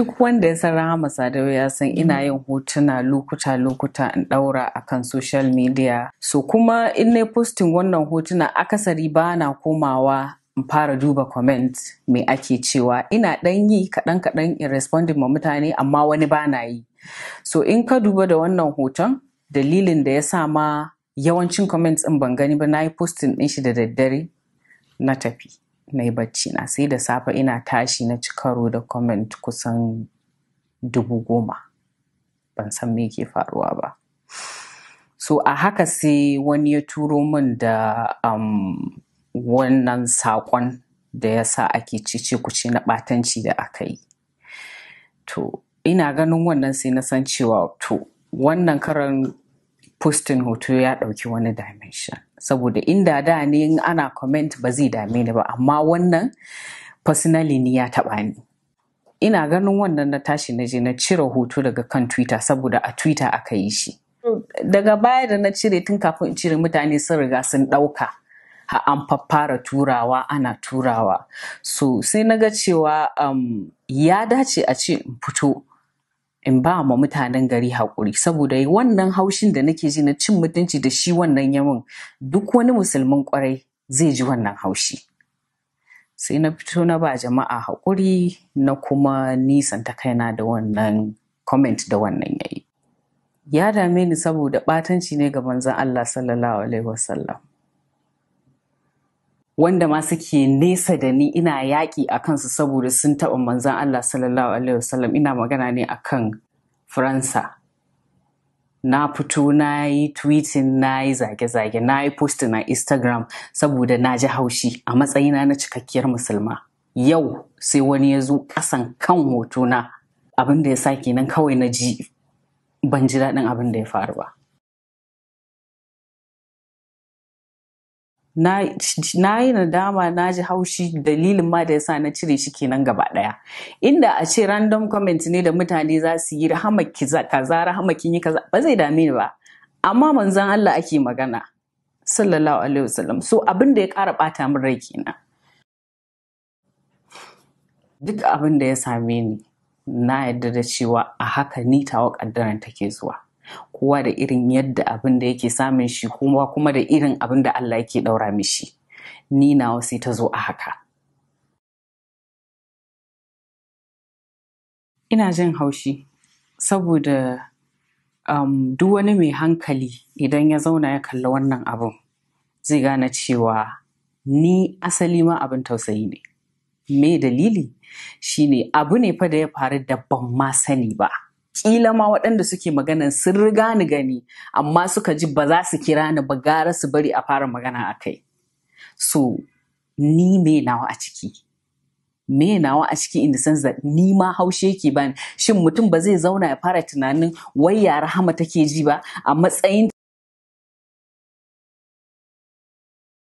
duk wanda ya san Rahama Sadau ya san ina mm. yin hotuna lokuta-lokuta in daura akan social media. So kuma in na postin wannan hotuna akasari ba na komawa in fara duba comment me ake cewa ina dan yi kaɗan kaɗan in responding ma mutane amma wani ba na yi. So in ka duba da wannan hoton dalilin da ya sa ma yawancin comments in ban gani ba na yi postin ɗin shi da daddare na tafi. na yi bacci na sai da safe ina tashi na ci karo da comment kusan dubu goma ban san me ke faruwa ba so a haka sai wani ya turo min da um, wannan saƙon da ya sa ake cice kuce na ɓatanci da aka yi to ina ganin wannan sai na san cewa to wannan karan postin hoto ya ɗauki wani dimension saboda inda da ne in ana comment ba zai dame ni ba amma wannan personally ni ya taɓa ni ina ganin wannan na tashi na je na cire hoto daga kan twitter saboda a twitter aka yi shi hmm. daga baya da na cire tun kafin in cire mutane sun riga sun ɗauka an fara turawa ana turawa so sai na ga cewa um, ya dace a ce in fito in ba ma mutanen gari haƙuri saboda wannan haushin da nake ji na cin mutunci da shi wannan yawan duk wani musulmin ƙwarai zai ji wannan haushi sai na fito na ba jama'a haƙuri na kuma nisanta kaina da wannan comment da wannan yayi ya dame ni saboda ɓatanci ne ga manzon Allah sallallahu alaihi wasallam wanda ma suke nesa da ni ina yaƙi a kansu saboda sun taɓa manzan Allah sallallahu alaihi wasallam ina magana ne a kan Faransa. Na fito na yi tweetin na yi zage-zage na yi post na Instagram saboda na ji haushi a matsayina na cikakkiyar musulma. Yau sai wani ya zo ƙasan kan hotona abin da ya sa kenan kawai na ji ban ji daɗin abin da ya faru ba. na yi nadama na ji haushi dalilin ma da yasa na cire shi kenan gaba daya inda a ce random comment ne da mutane za su yi rahamaki kaza rahama yi kaza ba zai dame ni ba amma manzon Allah ake magana sallallahu alaihi wasallam so abin da ya kara bata min rai kenan duk abin da ya same ni na yarda da cewa a haka ni tawa kaddaran take zuwa kowa da irin yadda abin da yake samun shi kuma kuma da irin abin da Allah yake ɗaura mishi ni na sai ta zo a haka ina jin haushi saboda um, duk wani mai hankali idan ya zauna ya kalli wannan abin zai gane cewa ni asali ma abin tausayi ne me dalili shine abu ne fa da ya faru da ban ma sani ba kila ma waɗanda suke magana sun riga ni gani amma suka ji ba za su kira ni ba gara su bari a fara magana a kai so ni me nawa a ciki me nawa a ciki in the sense ni ma haushe yake bani shin mutum ba zai zauna ya fara tunanin wai ya rahama take ji ba a matsayin